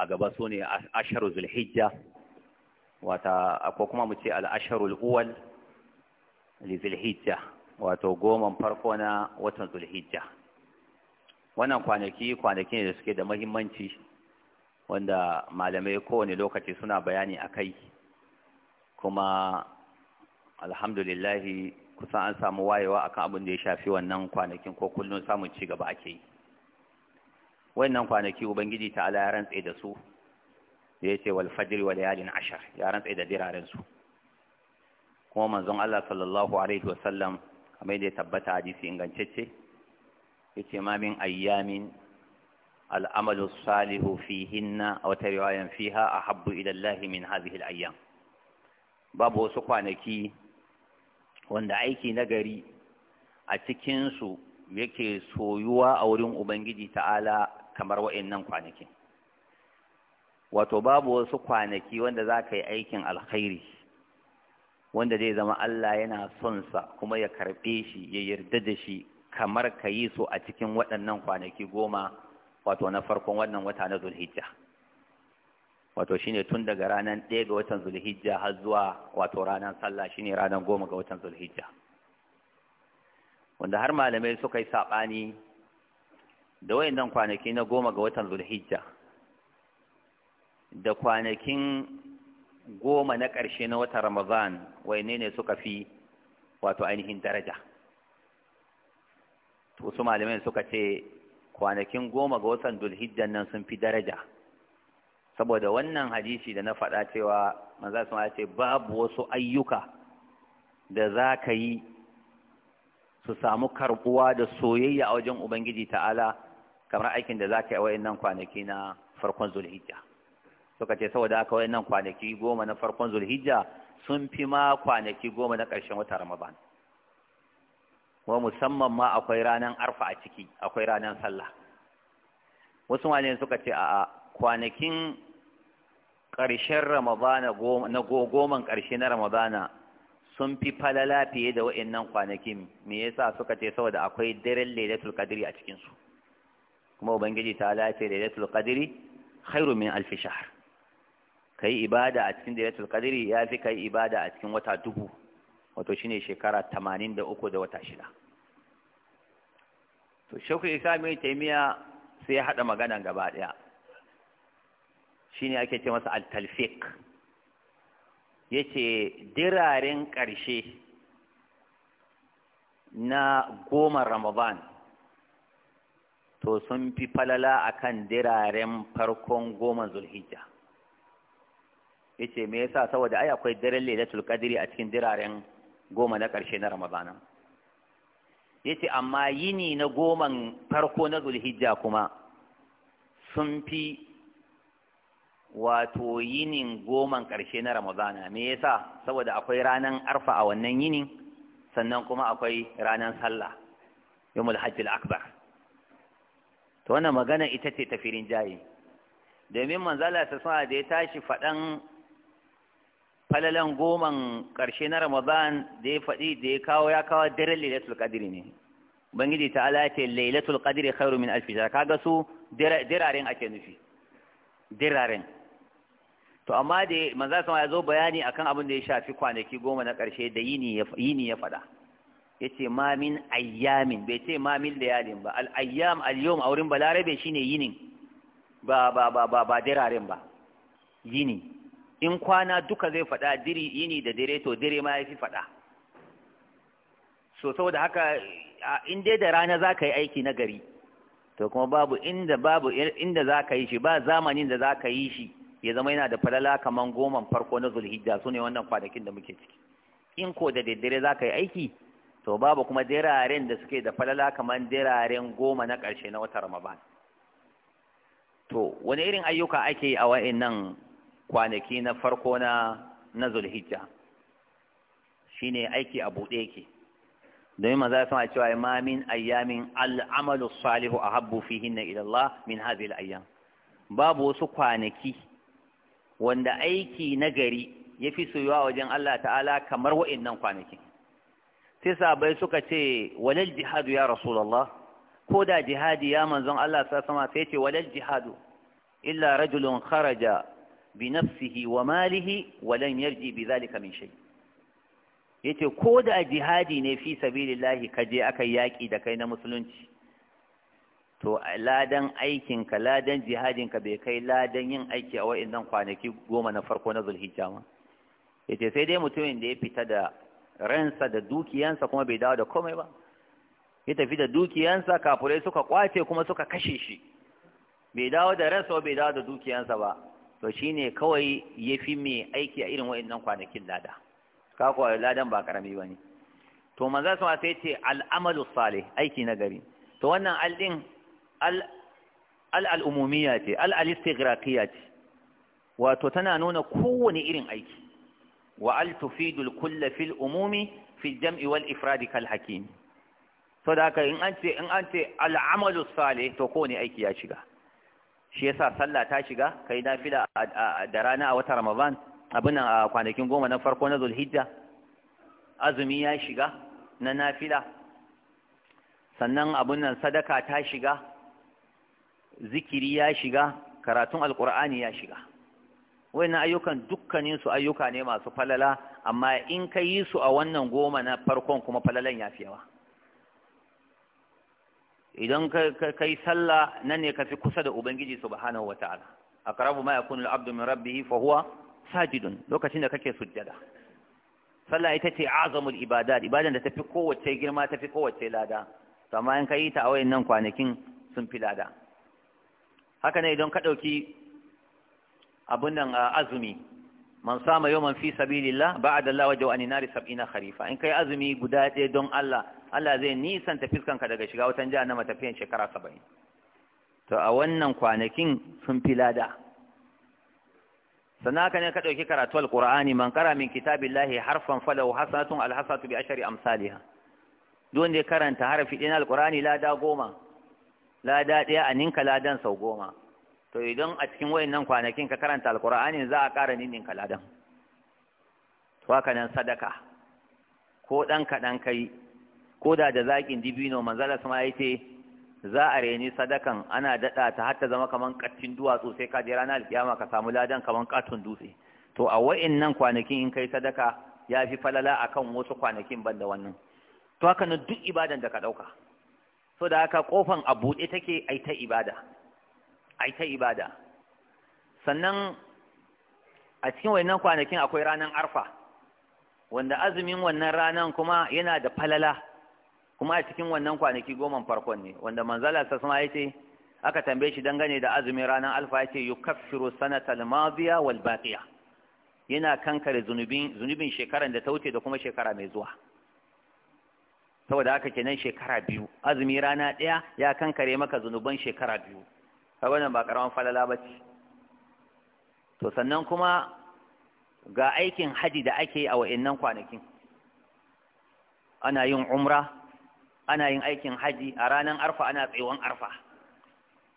a gaba su ne asharu zulhijja wata ko kuma mu ce al'asharul uwal li zulhijja wato goman farko na watan zulhijja wannan kwanaki kwanaki ne da suke da mahimmanci wanda malamai kowane lokaci suna bayani a kai kuma alhamdulillahi kusan an samu wayewa akan abin da ya shafi wannan kwanakin ko kullum samun ci gaba ake yi wannan kwanaki ubangiji ta ala ya rantse da su da ya ce wal fajr wa layalin ashar ya rantse da diraren su kuma manzon Allah sallallahu alaihi wa sallam kamar da ya tabbata hadisi ingantacce yace ma min ayyamin al'amalu salihu fihinna a wata fiha a habbu ilallahi min hazihil ayyam babu wasu kwanaki wanda aiki nagari a cikinsu yake soyuwa a wurin ubangiji ta'ala kamar wa'annan kwanaki, wato babu wasu kwanaki wanda za ka yi aikin alkhairi wanda zai zama Allah yana son sa kuma ya karɓe shi ya yarda da shi kamar ka yi so a cikin waɗannan kwanaki goma wato na farkon wannan wata na zulhijja wato shine tun daga ranar ɗaya ga watan zulhijja har zuwa wato ranar sallah shine ranar goma ga watan zulhijja wanda har malamai suka yi saɓani da wayannan kwanaki na goma ga watan zulhijja da kwanakin goma na ƙarshe na watan ramadan wayanne ne suka fi wato ainihin daraja to su malamai suka ce kwanakin goma ga watan zulhijja nan sun fi daraja saboda wannan hadisi da na faɗa cewa manzo sun ce babu wasu ayyuka da za ka yi su samu karbuwa da soyayya a wajen Ubangiji ta'ala kamar aikin da za ka yi a wayannan kwanaki na farkon zulhijja suka ce saboda haka wayannan kwanaki goma na farkon zulhijja sun fi ma kwanaki goma na ƙarshen wata ramadan wa musamman ma akwai ranar arfa a ciki akwai ranar sallah wasu malayen suka ce a kwanakin ƙarshen ramadana na goman ƙarshe na ramadana sun fi falala fiye da nan kwanakin me yasa suka ce saboda akwai daren lailatul qadri a cikin su kuma ubangiji ta lafi lailatul qadri khairu min alf shahr kai ibada a cikin lailatul qadri yafi kai ibada a cikin wata dubu wato shine shekara 83 da wata shida to shauku mai taimiya sai ya hada magana gaba daya shine ake ce masa al-talfiq yace diraren ƙarshe na goma ramadan to sun fi falala a kan diraren farkon goma zulhijja ce me yasa saboda ai akwai daren lailatul qadri a cikin diraren goma na ƙarshe na ramadana Ya ce amma yini na goman farko na zulhijja kuma sun fi wato yinin goman ƙarshe na ramadana me yasa saboda akwai ranar arfa a wannan yinin sannan kuma akwai ranar sallah yawmul hajjil akbar to wannan magana ita ce tafirin jayi domin manzala ta sa da ya tashi faɗan falalan goman ƙarshe na ramadan da ya faɗi da ya kawo ya kawo daren lailatul qadri ne bangiji ta ala ce lailatul qadri khairu min alf shahr kaga su diraren ake nufi diraren to amma da manzala ya zo bayani akan abin da ya shafi kwanaki goma na ƙarshe da yini ya faɗa yace ma min ayyamin bai ce ma min layalin ba al'yom a wurin wurin aurin balarabe shine yinin ba ba ba ba ba diraren ba yini in kwana duka zai faɗa diri yini da dire to dire ma ya fi faɗa. so saboda haka in dai da rana za ka yi aiki na gari to kuma babu inda babu inda ka yi shi ba zamanin da za ka yi shi ya zama yana da falala kamar goman farko na zulhijja sune wannan kwanakin da muke ciki in ko da daddare za ka yi aiki to babu kuma diraren da suke da falala kamar diraren goma na ƙarshe na wata ramadan to wani irin ayyuka ake yi a wa'annan kwanaki na farko na na zulhijja shine aiki a buɗe yake domin maza sama cewa ma min ayyamin al'amalu salihu ahabbu fihinna ila Allah min hadhihi al-ayyam babu wasu kwanaki wanda aiki nagari yafi soyuwa wajen Allah ta'ala kamar wa'annan kwanakin sai sahabbai suka ce walal jihadu ya rasulullah ko da jihadi ya manzon Allah sa sama sai ce walal jihadu illa rajulun kharaja bi nafsihi wa malihi wa lam yarji bi zalika min shay yace ko da jihadi ne fi sabilillahi ka je aka yaki da kai na musulunci to ladan aikin ka ladan jihadin ka bai kai ladan yin aiki a wa'annan kwanaki goma na farko na zulhijja ma yace sai dai mutumin da ya fita da ransa da dukiyansa kuma bai dawo da komai ba ya tafi da dukiyansa kafurai suka kwace kuma suka kashe shi bai dawo da ransa bai dawo da dukiyansa ba to shine kawai ya fi mai aiki a irin wa'annan kwanakin lada kakwa ladan ba karami ba ne to manzan sama sai ce al'amalu salih aiki na gari to wannan al'in al'al'umumiya ce al'alistigrakiya ce wato tana nuna kowane irin aiki wa'al tufi kulla fil umumi fil jam'i wal ifradi kal hakim so da haka in an ce al'amalu sale to ko aiki ya shiga shi yasa sallah ta shiga kai nafila da rana a wata ramadan abin a kwanakin goma na farko na zulhijja azumi ya shiga na nafila sannan abin nan sadaka ta shiga zikiri ya shiga karatun alkur'ani ya shiga wannan ayyukan dukkanin su ayyuka ne masu falala amma in ka yi su a wannan goma na farkon kuma falalan ya fi yawa idan ka yi sallah nan ne ka fi kusa da ubangiji subhanahu wataala aqrabu ma yakunu al-abdu min rabbi fa huwa sajidun lokacin da kake sujjada sallah ita ce azamul ibada, ibadan da tafi kowace girma tafi kowace lada to amma in ka yi ta a wayannan kwanakin sun fi lada haka ne idan ka ɗauki. Abu nan ah, azumi man sama yawman fi sabilillah ba'da Allah wajhu an nari sab'ina kharifa in kai azumi guda ɗaya don Allah Allah zai nisanta ka daga shiga wutan jahannama tafiyan shekara 70 to a wannan kwanakin sun fi lada sannan ne ka ɗauki karatu alƙur'ani man kara min kitabillahi harfan falahu hasanatun alhasanatu bi ashari amsalha don da karanta harafi ɗin alƙur'ani lada goma lada ɗaya a ninka ladan sau goma to idan a cikin wayannan kwanakin ka karanta alkur'ani za a ƙara ninnin kaladan to haka nan sadaka ko dan kaɗan kai ko da da zakin dibino manzala sama ya za a reni sadakan ana daɗa ta har ta zama kaman kattin duwatsu sai ka je ranar alkiyama ka samu ladan kaman katon dutse to a wayannan kwanakin in kai sadaka ya fi falala akan wasu kwanakin banda wannan to haka nan duk ibadan da ka ɗauka so da haka kofan a buɗe take ai ta ibada ai ta ibada sannan a cikin wannan kwanakin akwai ranar arfa wanda azumin wannan ranar kuma yana da falala kuma a cikin wannan kwanaki goman farkon ne wanda manzala ta ya yace aka tambaye shi dangane da azumin ranar alfa yace yukaffiru sanatal madiya wal baqiya yana kankare zunubin zunubin shekaran da ta wuce da kuma shekara mai zuwa saboda haka kenan shekara biyu azumi rana ɗaya ya kankare maka zunuban shekara biyu kai wannan ba karaman falala ba ce, to sannan kuma ga aikin haji da ake a wa'annan kwanakin ana yin umra ana yin aikin haji a ranar arfa ana tsayuwan arfa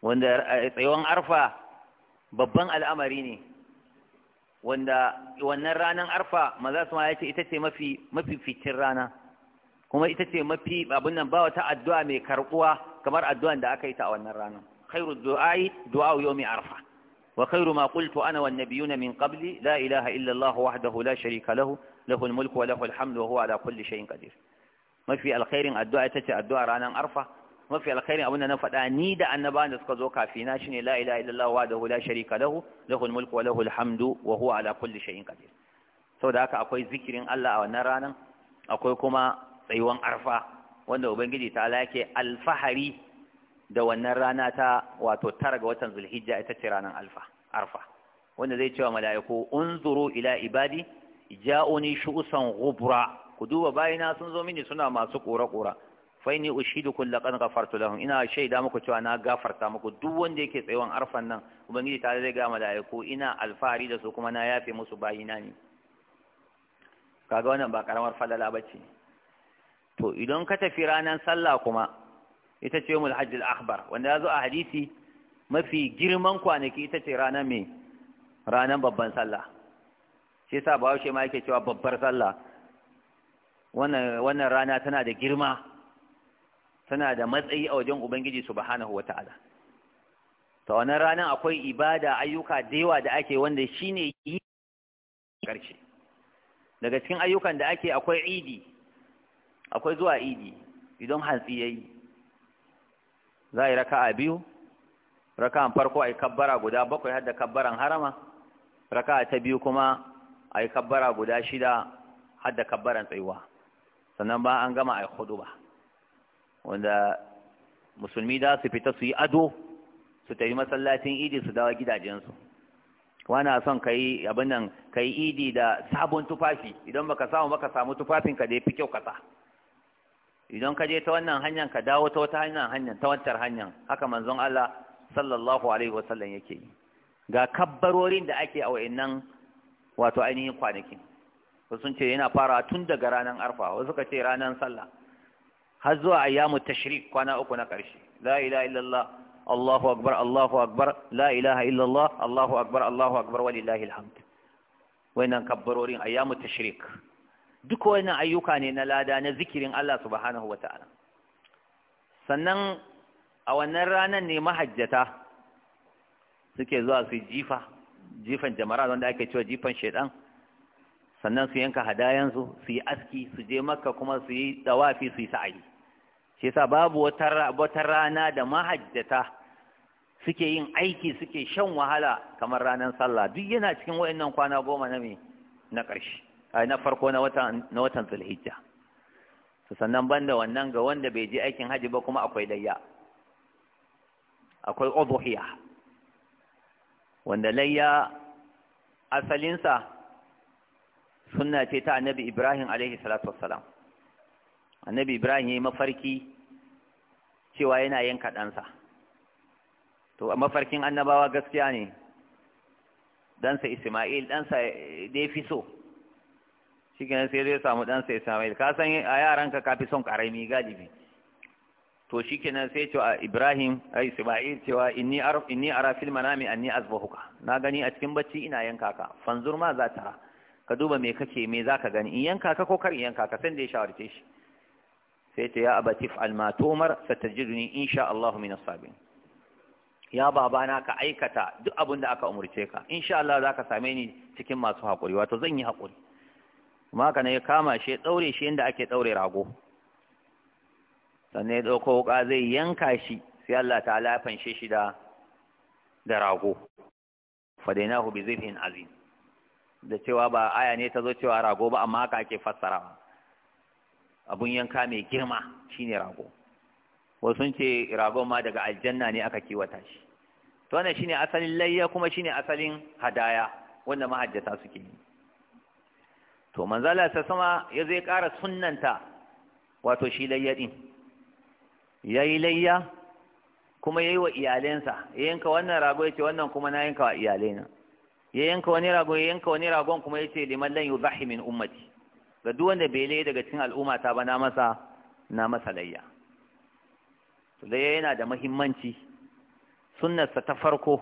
wanda eh, tsayuwan arfa babban al'amari ne wanda wannan ranar arfa maza su ma ya ce ita ce mafi mafi fitin rana kuma ita ce mafi abin nan ba wata addu'a mai karbuwa kamar addu'an da aka yi ta a wannan ranar khairu du'ai du'a yawmi arfa wa khairu ma qultu ana wan nabiyuna min qabli la ilaha illa Allah wahdahu la sharika lahu lahu al-mulku wa lahu al-hamdu wa huwa ala kulli shay'in qadir mafi alkhairin addu'a tace addu'a ranan arfa mafi alkhairin abinda na faɗa ni da annaba da suka zo kafina shine la ilaha illallah wahdahu la sharika lahu lahul mulku wa lahul hamdu wa huwa ala kulli shay'in qadir saboda haka akwai zikirin Allah a wannan ranan akwai kuma tsayuwan arfa wanda ubangiji ta alfahari da wannan rana ta wato tara ga watan zulhijja ita ce ranar alfa arfa wanda zai cewa mala'iku unzuru ila ibadi ja'uni shu'usan ghubra ku duba bayina sun zo mini suna masu kora-kora faini ushidukum laqad ghafartu lahum ina shaida muku cewa na gafarta muku duk wanda yake tsayawan arfan nan ubangiji ta zai ga mala'iku ina alfahari da su kuma na yafe musu bayina ne kaga wannan ba karamar falala bace to idan ka tafi ranar sallah kuma ita ce yawmul hajji al-akbar wanda ya zo a hadisi mafi girman kwanaki ita ce rana mai ranar babban sallah shi yasa ba ma yake cewa babbar sallah wannan rana tana da girma tana da matsayi a wajen ubangiji subhanahu wata'ala ta wannan ranar akwai ibada ayyuka da yawa da ake wanda shine yi karshe daga cikin ayyukan da ake akwai idi akwai zuwa idi idan hantsi yayi za a yi raka'a biyu raka'an farko a yi kabbara guda bakwai hadda kabbaran harama raka'a ta biyu kuma a yi kabbara guda shida hadda kabbaran tsayuwa sannan ba an gama a yi ba. wanda musulmi da su fita su yi ado su tafi masallacin idi su dawo gidajensu wana son ka yi abin nan ka yi idi da sabon tufafi idan baka samu baka samu tufafin ka da ya fi kyau ka sa. idan ka je ta wannan hanyar ka dawo ta wata hanyar hanyar ta wancan hanyar haka manzon Allah sallallahu alaihi wasallam yake yi ga kabbarorin da ake a wayannan wato ainihin kwanaki, ko sun ce yana fara tun daga ranar arfa wasu suka ce ranar sallah har zuwa ayyamu tashrik kwana uku na ƙarshe la ilaha illallah Allahu akbar Allahu akbar la ilaha illallah Allahu akbar Allahu akbar walillahi alhamd wayannan kabbarorin ayyamu tashrik duk wannan ayyuka ne na lada na zikirin Allah subhanahu ta’ala sannan a wannan ranar ne mahajjata suke zuwa su jifa jifan jamara wanda ake cewa jifan shaidan sannan su yanka hadayansu su yi aski su je makka kuma su yi dawafi su yi sa'ayi shi yasa babu wata rana da mahajjata suke yin aiki suke shan wahala kamar ranar sallah duk yana cikin wayannan kwana goma na me na ƙarshe na farko na watan na watan zulhijja to sannan banda wannan ga wanda bai je aikin haji ba kuma akwai layya akwai udhiya wanda layya asalinsa sunna ce ta annabi ibrahim alaihi salatu wassalam annabi ibrahim ya yi mafarki cewa yana yanka ɗansa to mafarkin annabawa gaskiya ne dansa isma'il dansa da yafi so shi kenan sai zai samu ɗansa Ismail ka san a yaranka ka fi son ƙarami galibi to shi kenan sai cewa Ibrahim ai Ismail cewa inni ara inni ara fil manami anni azbahuka na gani a cikin bacci ina yanka ka fanzur ma za ta ka duba me kake me ka gani in yanka ka ko kar yanka ka san ya shawarce shi sai ta ya abatif almatumar satajiduni insha Allah min as-sabin ya babana ka aikata duk abin da aka umurce ka insha Allah ka same ni cikin masu haƙuri wato zan yi haƙuri kuma haka ne ya kama shi ya ɗaure shi inda ake ɗaure rago sannan ya ɗauko wuƙa zai yanka shi sai Allah ta ya fanshe shi da da rago fadainahu bi zibhin azim da cewa ba aya ne ta zo cewa rago ba amma haka ake fassara abun yanka mai girma shine rago wasu ce ragon ma daga aljanna ne aka kiwata shi to wannan shine asalin layya kuma shine asalin hadaya wanda mahajjata suke yi to manzala ta sama ya zai ƙara sunanta, wato shi layya ɗin ya yi layya kuma ya yi wa iyalensa ya yanka wannan rago ya ce wannan kuma na yanka wa iyalena ya yanka wani rago ya yanka wani ragon kuma ya ce liman lan zahi min ummati ga duk wanda bai laye daga cikin al'umma ta ba na masa na masa layya to layya yana da muhimmanci sunnarsa ta farko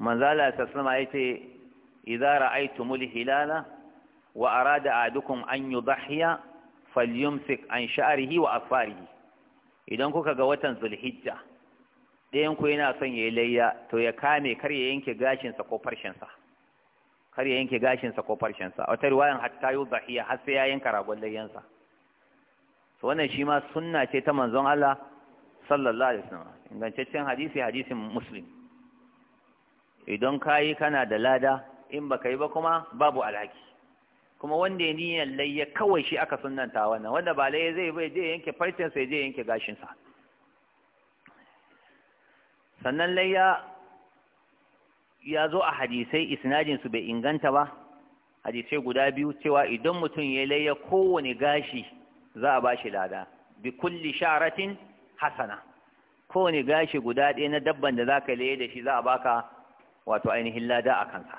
manzala ta sama ya ce idara aitumul hilala wa arada ahadukum an yudhiya falyumsik an sha'rihi wa asfarihi idan kuka ga watan zulhijja ɗayan ku yana son yayi layya to ya kame kar ya yanke gashin sa ko farshen sa kar ya yanke gashin sa ko farshen sa wata riwayan hatta yudhiya har sai ya yanka ragon layyan sa to wannan shi ma sunna ce ta manzon Allah sallallahu alaihi wasallam ingantaccen hadisi hadisin muslim idan kayi kana da lada in baka yi ba kuma babu alhaki kuma wanda ya niyan layya kawai shi aka sunanta wannan wanda ba layya zai bai je yanke farcen sai je yanke gashin sa sannan layya ya zo a hadisai isnadin su bai inganta ba hadisai guda biyu cewa idan mutum ya layya kowane gashi za a bashi lada bi kulli sharatin hasana kowane gashi guda ɗaya na dabban da zaka layya da shi za a baka wato ainihin lada a kansa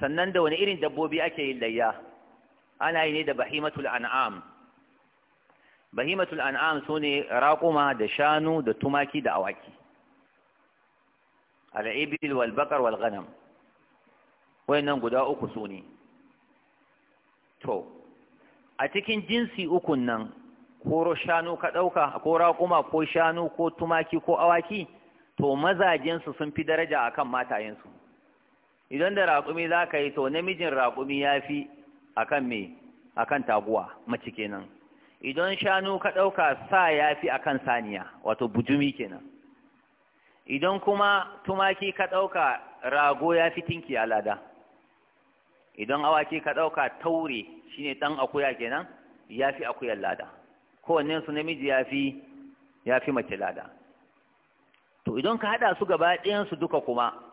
sannan da wani irin dabbobi ake yin layya ana yi ne da bahimatul an'am bahimatul an'am su ne raƙuma da shanu da tumaki da awaki al'ibil wal bakar wal ghanam wayannan guda uku su ne to a cikin jinsi ukun nan ko shanu ka ɗauka ko raƙuma ko shanu ko tumaki ko awaki to mazajensu sun fi daraja akan matayensu idan da raƙumi za ka yi to namijin raƙumi ya fi kan me kan taguwa mace kenan idan shanu ka ɗauka sa ya fi a kan saniya wato bujumi kenan idan kuma tumaki ka ɗauka rago ya fi tinki a lada idan awaki ka ɗauka taure shine ɗan akuya kenan ya fi akuyar lada kowannen su namiji ya fi ya fi mace lada to idan ka haɗa su gaba ɗayan su duka kuma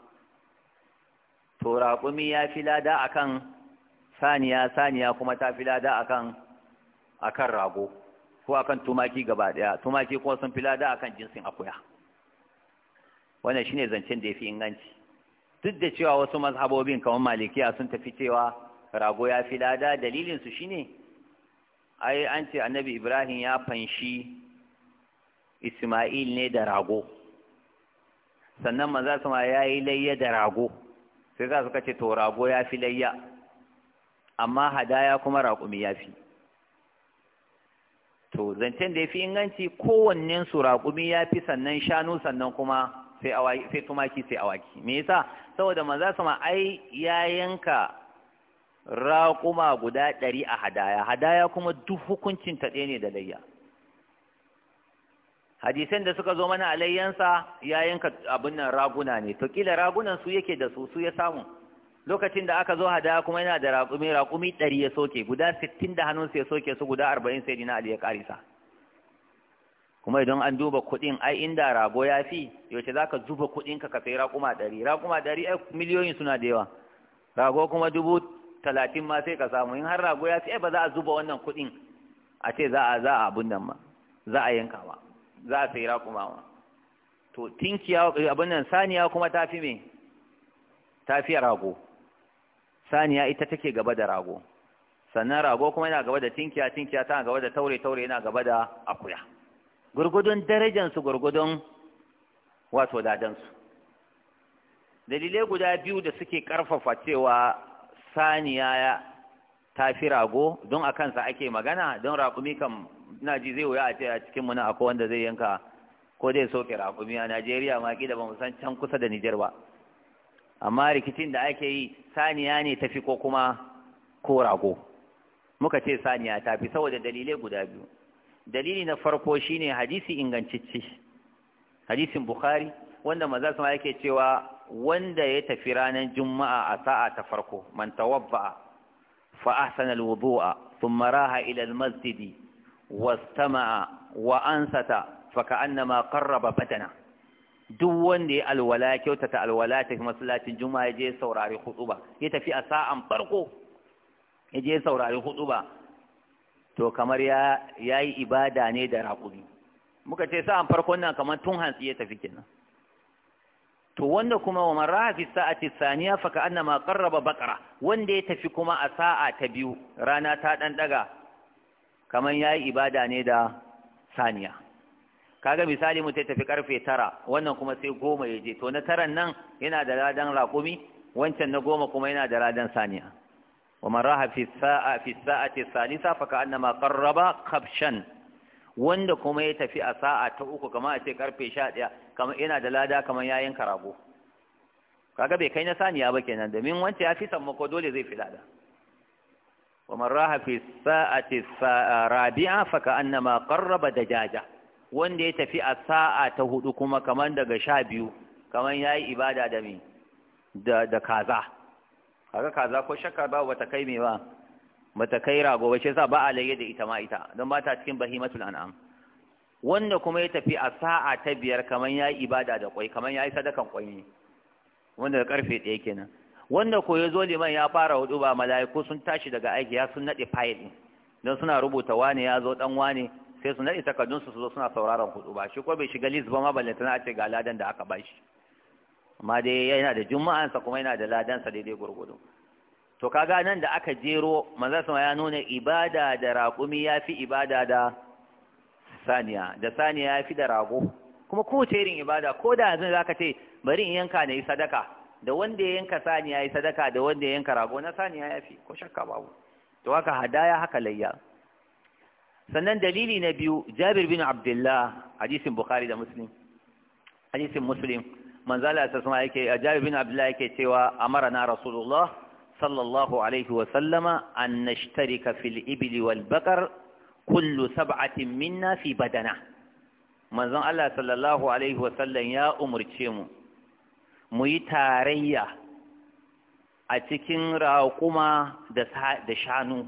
to raƙumi ya fi lada a kan saniya saniya kuma ta fi lada akan kan rago ko kan tumaki gaba ɗaya tumaki kuma sun fi lada akan jinsin akuya wannan shine zancen da ya fi inganci duk da cewa wasu mazhabobin kamar malikiya sun tafi cewa rago ya fi lada dalilinsu shine ai an ce annabi ibrahim ya fanshi isma'il ne da rago sannan maza sama ya yi layya da rago sai za suka ce to rago ya fi layya amma hadaya kuma raƙumi ya fi to zancen da ya fi inganci kowannen su raƙumi ya fi sannan shanu sannan kuma sai tumaki sai awaki me yasa saboda su ma ai ya yanka raƙuma guda ɗari a hadaya hadaya kuma duk hukuncin ta ɗaya ne da layya hadisan da suka zo mana alayyansa ya yanka abin nan raguna ne to kila ragunan su yake da su su ya samu lokacin da aka zo hada kuma yana da raƙumi raƙumi ɗari ya soke guda sittin da hannunsa ya soke su guda arba'in sai dina ali ya ƙarisa kuma idan an duba kuɗin ai inda rago ya fi yaushe za ka zuba kuɗinka ka sai raƙuma ɗari raƙuma ɗari ai miliyoyin suna da yawa rago kuma dubu talatin ma sai ka samu in har rago ya fi ai ba za a zuba wannan kuɗin a ce za a za a abun nan ma za a yanka ba za a yi raƙumawa to tinkiya eh, abin nan saniya kuma ta fi me ta fi rago saniya ita take gaba da rago sannan rago kuma yana gaba da tinkiya tinkiya tana gaba da taure taure yana gaba da akuya gurgudun darajansu gurgudun wato dadansu dalilai guda biyu da suke ƙarfafa cewa saniya ta fi rago don a kansa ake magana don raƙumi kan ina ji zai wuya a ce a cikin mu na akwai wanda zai yanka ko zai soke rakumi a Najeriya ma kida ba mu san can kusa da Nijar ba amma rikicin da ake yi saniya ne tafi ko kuma ko rago muka ce saniya tafi saboda dalilai guda biyu dalili na farko shine hadisi ingantacce hadisin Bukhari wanda maza sama yake cewa wanda ya tafi ranar juma'a a sa'a ta farko man tawabba fa ahsana alwudu'a thumma raha ila almasjidi wastama'a wa ansata faka annama qarraba badana duk wanda ya alwala kyautata alwala ta masallacin juma'a ya je saurari hutuba ya tafi a sa'an farko ya je saurari hutuba to kamar ya yayi ibada ne da raƙumi muka ce sa'an farkon nan kamar tun hantsi ya tafi kenan to wanda kuma wa marra fi sa'ati thaniya faka annama qarraba baqara wanda ya tafi kuma a sa'a ta biyu rana ta dan daga kamar ya yi ibada ne da saniya kaga misali mutai tafi karfe tara wannan kuma sai goma ya je to na taran nan yana da ladan raƙumi wancan na goma kuma yana da ladan saniya Wa ومن راح في الساعة في الساعة الثالثة فكأنما qarraba kafshan. wanda kuma ya tafi a sa'a ta uku kamar a ce karfe 11 kamar yana da lada kamar yayin karago kaga bai kai na saniya ba kenan domin wancan ya fi sammako dole zai fi lada Raha ومن راح Rabi'a الساعة الرابعة فكأنما قرب دجاجة wanda ya tafi a sa'a ta hudu kuma kaman daga sha biyu kaman ya yi ibada da me da kaza kaga kaza ko shakka ba bata kai me ba bata kai rago ba shi yasa ba a laye da ita ma ita don ba ta cikin bahimatul an'am wanda kuma ya tafi a sa'a ta biyar kaman ya yi ibada da kwai kaman ya yi sadakan kwai ne wanda da karfe ɗaya kenan wanda ko ya zo liman ya fara hudu ba mala'iku sun tashi daga aiki ya sun nade fayil din don suna rubuta wani ya zo dan wani sai su nade takardun su su zo suna sauraron hudu ba shi ko bai shiga list ba ma balle tana ce ga ladan da aka bashi amma dai yana da Juma'an sa kuma yana da sa daidai gurgudu to kaga nan da aka jero manzo sama ya nuna ibada da raƙumi yafi ibada da saniya da saniya yafi da rago kuma ko irin ibada ko da yanzu zaka ce bari in yanka na yi sadaka da wanda ya yanka saniya ya yi sadaka da wanda ya yanka rago na saniya ya fi ko shakka babu to haka hadaya haka layya sannan dalili na biyu jabir bin abdullah hadisin bukhari da muslim hadisin muslim manzala ta sama yake jabir bin abdullah yake cewa amara na rasulullah sallallahu alaihi wa sallama an nashtarika fil ibli wal baqar kullu sab'atin minna fi badana manzon Allah sallallahu alaihi wa sallam ya umurce mu mu yi tarayya a cikin raƙuma da shanu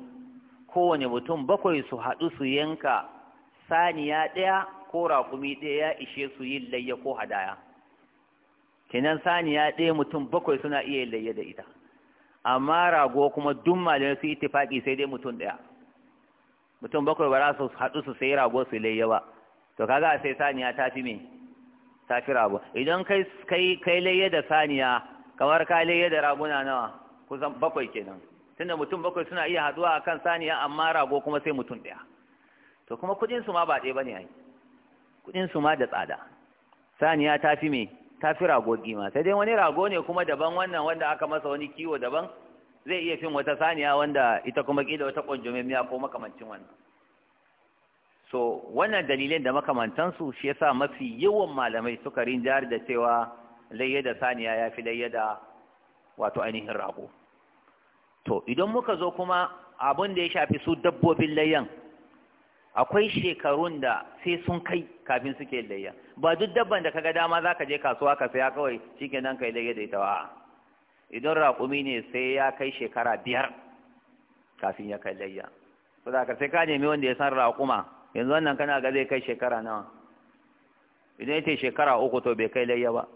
kowane mutum bakwai su haɗu su yanka saniya ɗaya ko raƙumi ɗaya ya ishe su yin layya ko hadaya kenan saniya ɗaya mutum bakwai suna iya yin layya da ita amma rago kuma duk malamai su ittifaqi sai dai mutum ɗaya mutum bakwai ba za su haɗu su sai rago su layya ba to kaga sai saniya ta fi me ta fi rago idan kai kai kai laye da saniya kamar ka laye da raguna nawa kusan bakwai kenan tunda mutum bakwai suna iya haduwa akan saniya amma rago kuma sai mutum daya to kuma kudin su ma ba ɗaya bane ai kudin su ma da tsada saniya ta fi me ta fi rago gima sai dai wani rago ne kuma daban wannan wanda aka masa wani kiwo daban zai iya fin wata saniya wanda ita kuma kila wata kunjume miya ko makamancin wannan so wannan dalilin da makamantansu shi yasa mafi yawan malamai suka rinjar da cewa layya da saniya ya fi layya da wato ainihin rago to idan muka zo kuma abin da ya shafi su dabbobin layyan akwai shekarun da sai sun kai kafin suke layya ba duk dabban da ka kaga dama ka je kasuwa ka saya kawai shikenan kai layya da ita ba idan raƙumi ne sai ya kai shekara biyar kafin ya kai layya saboda ka ka nemi wanda ya san raƙuma yanzu wannan kana ga zai kai shekara nawa idan ya ce shekara uku to bai kai layya ba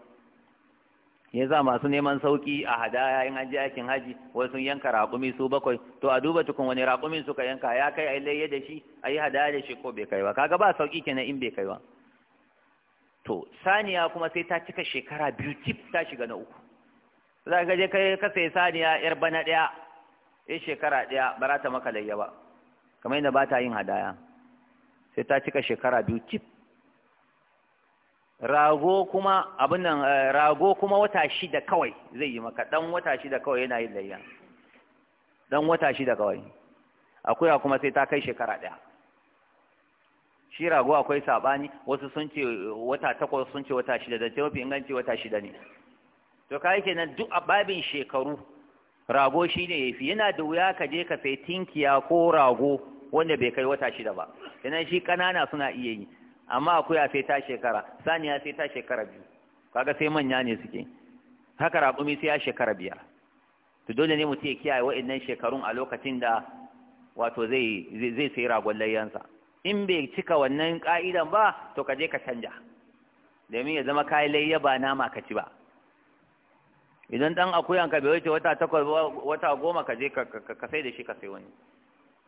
ya za masu neman sauki a hadaya in an je aikin haji wai sun yanka raƙumi su bakwai to a duba tukun wani raƙumin suka yanka ya kai a layya da shi a hadaya da shi ko bai kai ba kaga ba sauki kenan in bai kai ba to saniya kuma sai ta cika shekara biyu tif ta shiga na uku za ka je kai ka sai saniya yar bana ɗaya yar shekara ɗaya ba ta maka layya ba kamar yadda ba ta yin hadaya sai ta cika shekara biyu cif rago kuma abin nan eh, rago kuma wata shida kawai zai yi maka dan wata shida kawai yana yin layya dan wata shida kawai akuya kuma sai ta kai shekara ɗaya shi rago akwai saɓani wasu sun ce eh, wata takwas sun ce wata shida da mafi inganci wata shida ne to kai kenan duk a babin shekaru rago shine yafi yana da wuya ka je ka sai tinkiya ko rago wanda bai kai wata shida ba idan shi kanana suna iya yi amma akuya sai ta shekara saniya sai ta shekara biyu kaga sai manya ne suke haka rakumi sai ya shekara biya. to dole ne mutum ya kiyaye wa'annan shekarun a lokacin da wato zai zai sayi ragon layyansa in bai cika wannan ka'idan ba to ka je ka canja domin ya zama kayan layya ba nama ka ci ba idan dan akuyan ka bai wuce wata takwas wata goma ka je ka sai da shi ka sai wani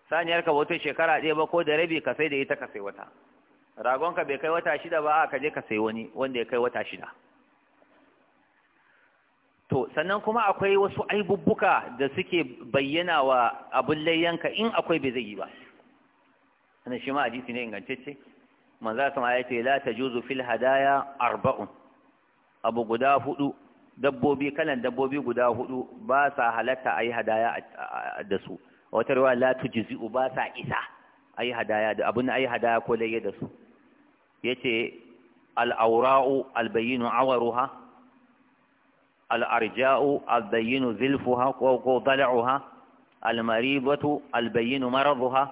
saniyar ka bauta shekara ɗaya ba ko da rabi ka sai da ita ka sai wata ragon ka bai kai wata shida ba ka je ka sai wani wanda ya kai wata shida to sannan kuma akwai wasu aibubbuka da suke bayyana wa abin layyanka in akwai bai zai yi ba sannan shi ma hadisi ne ingantacce manzo sama ya ce la tajuzu fil hadaya arba'un abu guda hudu dabbobi kalan dabbobi guda hudu ba sa halatta ayi hadaya da su wata ruwa la tujzi'u ba sa isa ayi hadaya da abun ayi hadaya ko laye da su yace al-awra'u al-bayyinu awruha al-arja'u al-bayyinu zilfuha ko ko dal'uha al-maribatu al-bayyinu maraduha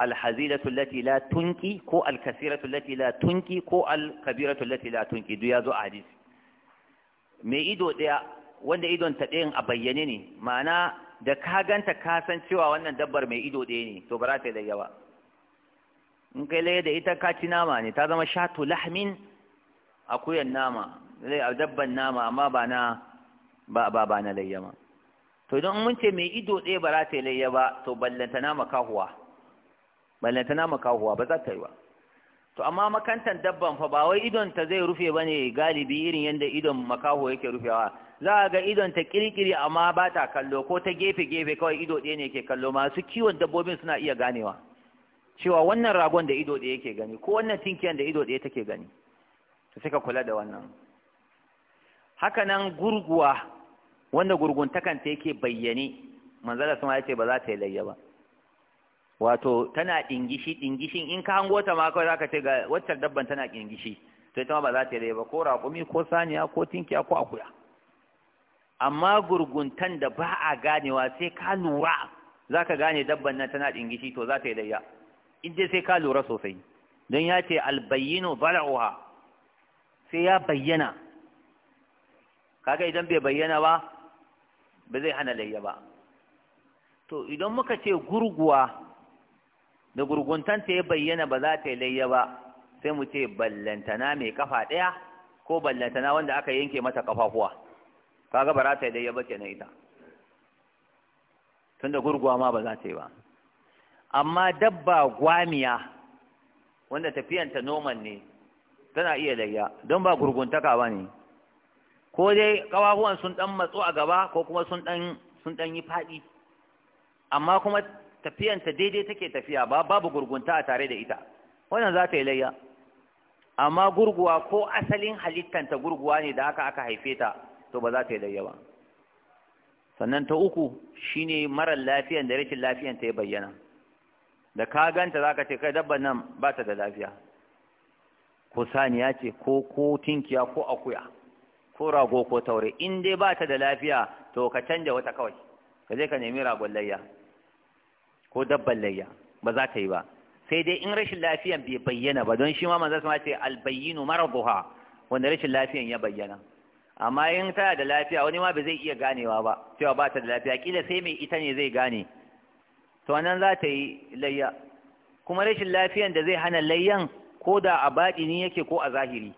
al-hazilatu allati la tunki ko al-kasiratu allati la tunki ko al-kabiratu allati la tunki duk yazo a hadisi mai ido daya wanda idon ta dayan a bayyane ne ma'ana da ka ganta ka san cewa wannan dabbar mai ido ɗaya ne to ba za ta yi layya in kai layya da ita ka ci nama ne ta zama shatu lahmin akuyan nama a dabban nama amma ba na ba ba ba na layyama. to idan mun ce mai ido ɗaya ba za ta yi layya ba to kahuwa, ballanta nama kahuwa ba za ta yi ba to amma makantan dabban fa ba wai idon ta zai rufe bane galibi irin yanda idon makaho yake rufewa za a ga idon ta kirkiri amma ba ta kallo ko ta gefe gefe kawai ido ɗaya ne yake kallo masu kiwon dabbobin suna iya ganewa cewa wannan ragon da ido ɗaya yake gani ko wannan tinkiyan da ido ɗaya take gani to sai ka kula da wannan haka nan gurguwa wanda ta yake bayyane manzala sun ya ce ba za ta yi layya ba wato tana dingishi dingishin in ka hango ta ma kawai ka ce ga waccan dabban tana dingishi to ita ma ba za ta yi ba ko raƙumi ko saniya ko tinkiya ko akuya amma gurguntan da ba a ganewa sai ka lura za ka gane dabban nan tana dingishi to za ta yi layya in dai sai ka lura sosai don ya ce albayyinu bala'uha sai ya bayyana kaga idan bai bayyana ba ba zai hana layya ba to idan muka ce gurguwa da gurguntanta ya bayyana ba za ta yi layya ba sai mu ce ballantana mai kafa ɗaya ko ballantana wanda aka yanke mata kafafuwa ga ba za ta yi layya ba ke ita tunda gurguwa ma ba za ta yi ba amma dabba gwamiya wanda tafiyanta noman ne tana iya layya don ba gurguntaka ba ne ko dai kafafuwan sun dan matsu a gaba ko kuma sun dan yi faɗi amma kuma tafiyanta daidai take tafiya ba babu gurgunta a tare da ita wannan za ta yi layya amma gurguwa ko asalin halittanta gurguwa ne da haka aka haife ta to ba za ta yi layya ba sannan ta uku shine marar lafiyan da rashin lafiyan ta ya bayyana da ka ganta za ka ce kai dabban nan ba ta da lafiya ko saniya ce ko ko tinkiya ko akuya ko rago ko taure in dai ba ta da lafiya to ka canja wata kawai ka je ka nemi ragon layya ko dabban layya ba za ta yi ba sai dai in rashin lafiyan bai bayyana ba don shi ma manzo sama ce albayyinu maraduha wanda rashin lafiyan ya bayyana amma in tana da lafiya wani ma ba zai iya ganewa ba cewa ba ta da lafiya kila sai mai ita ne zai gane to nan za ta yi layya kuma rashin lafiyan da zai hana layyan ko da a baɗi baɗini yake ko a zahiri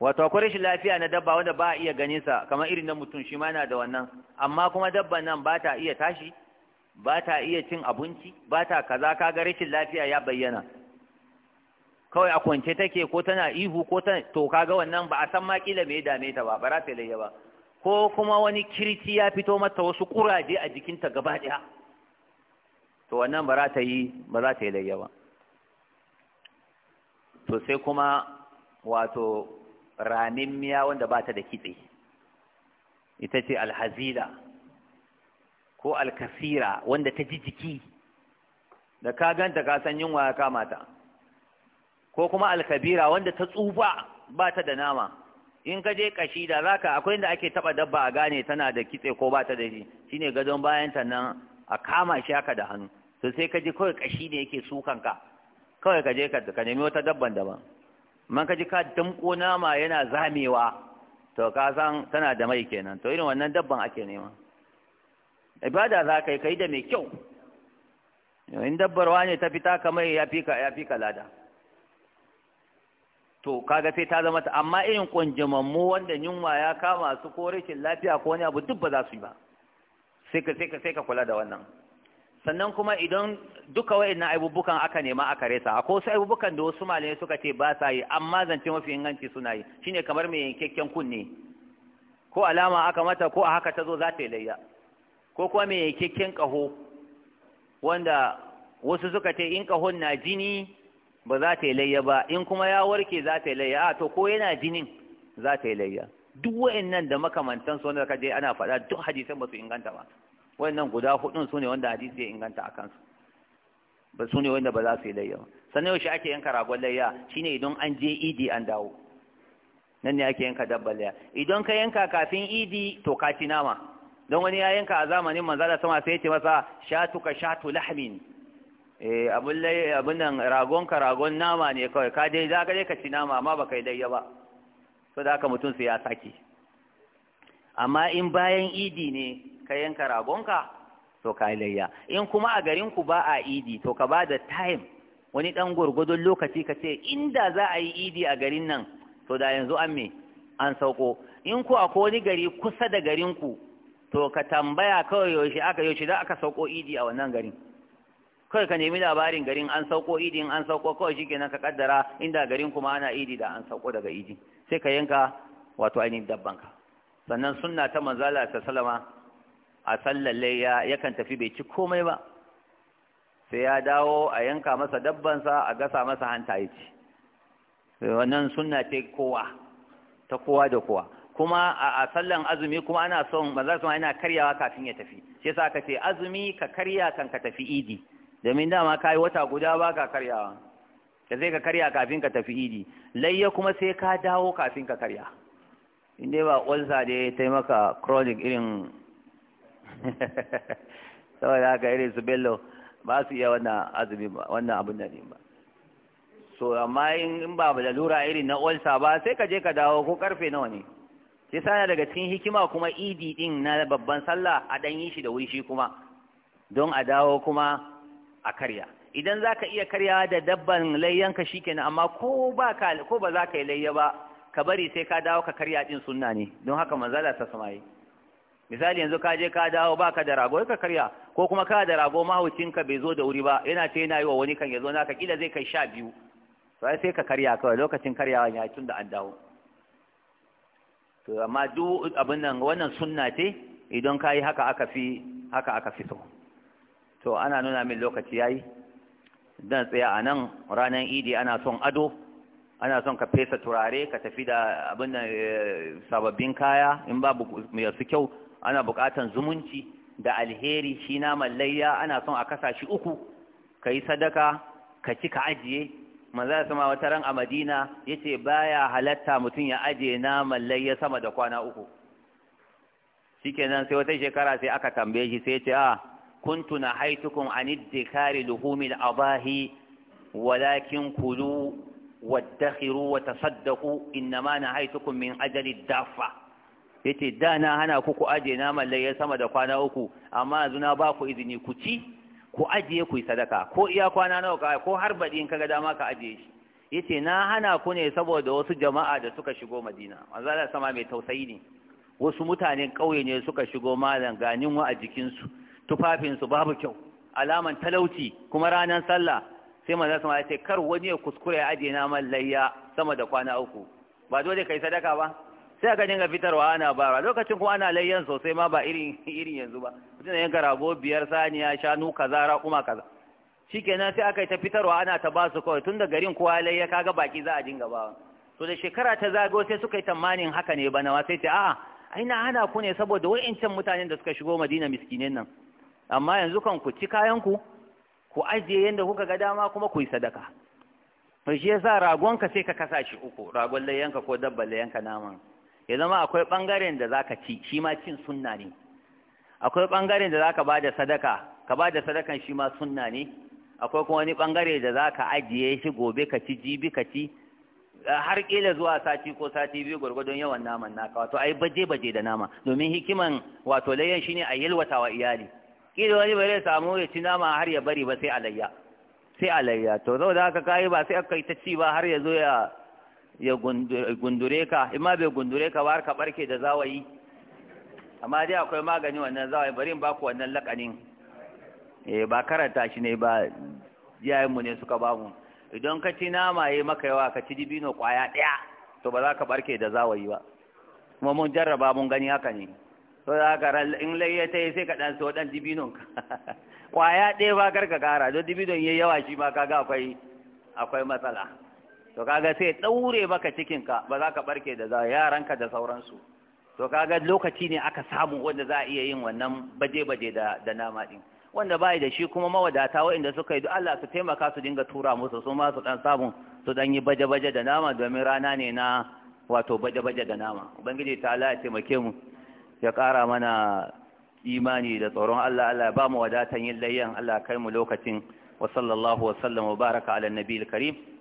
wato akwai rashin lafiya na dabba wanda ba a iya ganin sa kamar irin na mutum shi ma yana da wannan amma kuma dabban nan ba ta iya tashi ba ta iya cin abinci ba ta kaza kaga rashin lafiya ya bayyana kawai a kwance take ko tana ihu ko ta to kaga wannan ba a san ma kila me dame ta ba ba za ta yi ba ko kuma wani kirci ya fito mata wasu kuraje a jikinta gaba daya to wannan ba za ta yi ba za ta yi layya ba to sai kuma wato ramin miya wanda ba ta da kitse ita ce alhazila ko alkasira wanda ta ji jiki da ka ganta ka san yunwa ya kama ta ko kuma alkabira wanda ta tsufa ba ta da nama in ka je kashi da za ka akwai inda ake taba dabba a gane tana da kitse ko ba ta da shi shine gadon bayan ta nan a kama shi haka da hannu to sai ka ji kawai kashi ne yake sukan ka kawai ka je ka nemi wata dabban daban man ka ji ka damko nama yana zamewa to ka san tana da mai kenan to irin wannan dabban ake nema ibada za ka yi kai da mai kyau in dabbarwa ne ta fita kamar ya fi ya lada to kaga sai ta zama ta amma irin kunjimammu wanda yunwa ya kama su ko rashin lafiya ko wani abu duk ba za su yi ba sai ka sai ka sai ka kula da wannan sannan kuma idan duka wa'annan aibubukan aka nema aka resa akwai wasu aibubukan da wasu malamai suka ce ba sa yi amma zance mafi inganci suna yi shine kamar mai yankakken kunne ko alama aka mata ko a haka ta zo za ta yi layya ko kuma mai yankakken ƙaho wanda wasu suka ce in ƙahon na jini ba za ta yi layya ba in kuma ya warke za ta yi layya a to ko yana jinin za ta yi layya duk nan da makamantan su wanda ka je ana faɗa duk hadisan ba su inganta ba nan guda hudun su ne wanda hadisi ya inganta a kansu ba su ne wanda ba za su yi layya ba sannan yaushe ake yanka ragon layya shine idan an je idi an dawo nan ne ake yanka dabbar layya idan ka yanka kafin idi to ka ci nama don wani ya yanka a zamanin da sama sai ce masa shatuka shatu lahmin eh abun lai abun nan ragon ka ragon nama ne kawai ka dai za ka dai ka ci nama amma baka kai dai ba so da haka mutum sai ya sake amma in bayan idi ne ka yanka ragon ka to ka yi layya in kuma a garin ku ba a idi to ka ba da time wani dan gurgudun lokaci ka ce inda za a yi idi a garin nan to da yanzu an me an sauko in ku akwai wani gari kusa da garin ku to ka tambaya kawai yaushe aka yaushe da aka sauko idi a wannan garin kawai ka nemi labarin garin an sauko idi an sauko kawai shikenan ka kaddara inda garin kuma ana idi da an sauko daga idi sai ka yanka wato ainihin dabbanka sannan sunna ta manzala ta salama a sallalle ya yakan tafi bai ci komai ba sai ya dawo a yanka masa dabbansa a gasa masa hanta ya ci wannan sunna ce kowa ta kowa da kowa kuma a sallan azumi kuma ana son manzo sun yana karyawa kafin ya tafi shi yasa ka ce azumi ka karya kan ka tafi idi domin dama yi wata guda ba ka karyawa ka sai ka karya kafin ka tafi idi layya kuma sai ka dawo kafin ka karya in dai ba ulsa da ya taimaka chronic irin saboda haka irin su bello ba su iya wannan azumi wannan abin da ba so amma in ba da lura irin na ulsa ba sai ka je ka dawo ko karfe nawa ne sai sana daga cikin hikima kuma idi din na babban sallah a dan yi shi da wuri shi kuma don a dawo kuma a karya idan zaka iya karya da dabban layyanka shikenan amma ko ba ka ko ba za ka yi layya ba ka bari sai ka dawo ka karya din sunna ne don haka manzala ta samaye misali yanzu ka je ka dawo baka da rago ka karya ko kuma ka da rago ka bai zo da wuri ba yana ce yana yi wa wani kan ya zo naka kila zai kai sha biyu sai sai ka karya kawai lokacin karyawa ya tun da an dawo to amma duk abin nan wannan sunna ce idan kayi haka aka fi haka aka fi so to ana nuna min lokaci yayi dan tsaya a nan ranar idi ana son ado ana son ka fesa turare ka tafi da abin nan eh, sababbin kaya in babu su kyau ana bukatan zumunci da alheri shi na mallayya ana son a kasa shi uku ka sadaka ka ci ka ajiye manzo sama wata ran a madina yace baya halatta mutum ya aje naman layya sama da kwana uku shikenan sai wata shekara sai aka tambaye shi sai ce a ah, kuntu na haitukum an luhumil abahi walakin kulu wadakhiru wa tasaddaqu innama na haitukum min ajali dafa yace da na hana ku ku aje naman layya sama da kwana uku amma yanzu na ba ku izini ku ci ku ajiye ku yi sadaka ko iya kwana nawa ka ko har baɗi in kaga dama ka ajiye shi yace na hana ku ne saboda wasu jama'a da suka shigo Madina manzo Allah sama mai tausayi ne wasu mutane ƙauye ne suka shigo malam ganin wa a tufafin tufafinsu babu kyau alaman talauci kuma ranar sallah sai manzo sama ya ce kar wani ya kuskure ya ajiye na mallayya sama da kwana uku ba dole kai sadaka ba sai aka dinga fitarwa ana bara lokacin kuma ana layyan sosai ma ba irin irin yanzu ba mutum da yanka rago biyar saniya shanu kaza raƙuma kaza shikenan sai aka yi ta fitarwa ana ta ba su kawai tun da garin kowa layya kaga baki za a dinga ba to da shekara ta zago sai suka yi tamanin haka ne bana ma sai ta a'a ai na hana ku ne saboda wa'incan mutanen da suka shigo Madina miskinin nan amma yanzu kan ku ci kayan ku ku ajiye yanda kuka ga dama kuma ku yi sadaka to shi yasa ragonka sai ka kasa shi uku ragon layyanka ko dabbar layyanka naman ya zama akwai ɓangaren da za ka ci shi ma cin sunna ne akwai ɓangaren da za ka ba da sadaka ka ba da sadakan shi ma sunna ne akwai kuma wani ɓangare da za ka ajiye shi gobe ka ci jibi ka ci eh, har ƙila zuwa sati ko sati biyu gwargwadon yawan naman naka wato ai baje baje da nama domin hikiman wato layyan shine a yalwata wa iyali Ƙila wani bai samu ya ci nama har ya bari ba sai alayya sai alayya to da haka kai ba sai aka yi ta ci ba har ya zo ya ya gundure ka imma bai gundure ka ba ka barke da zawayi amma dai akwai magani wannan zawayi bari in baku wannan lakanin eh ba karanta shi ne ba mu ne suka ba mu idan ka ci nama yayi maka yawa ka ci dibino kwaya daya to ba za ka barke da zawayi ba kuma mun jarraba mun gani haka ne to za ka in layyata ta sai ka dan so dan dibinon ka kwaya daya ba kar ka kara don dibinon yayi yawa shi ma kaga akwai akwai matsala to kaga sai daure maka cikinka ba za ka barke da za ka da sauransu to kaga lokaci ne aka samu wanda za a iya yin wannan baje-baje da da nama din wanda bai da shi kuma mawadata waɗanda suka yi Allah su taimaka su dinga tura musu su ma su dan samu su dan yi baje-baje da nama domin rana ne na wato baje-baje da nama ubangiji ta Allah ya taimake mu ya kara mana imani da tsoron Allah Allah ya ba mu wadatan yin layyan Allah kai mu lokacin wa sallallahu wa sallam baraka ala nabiyil karim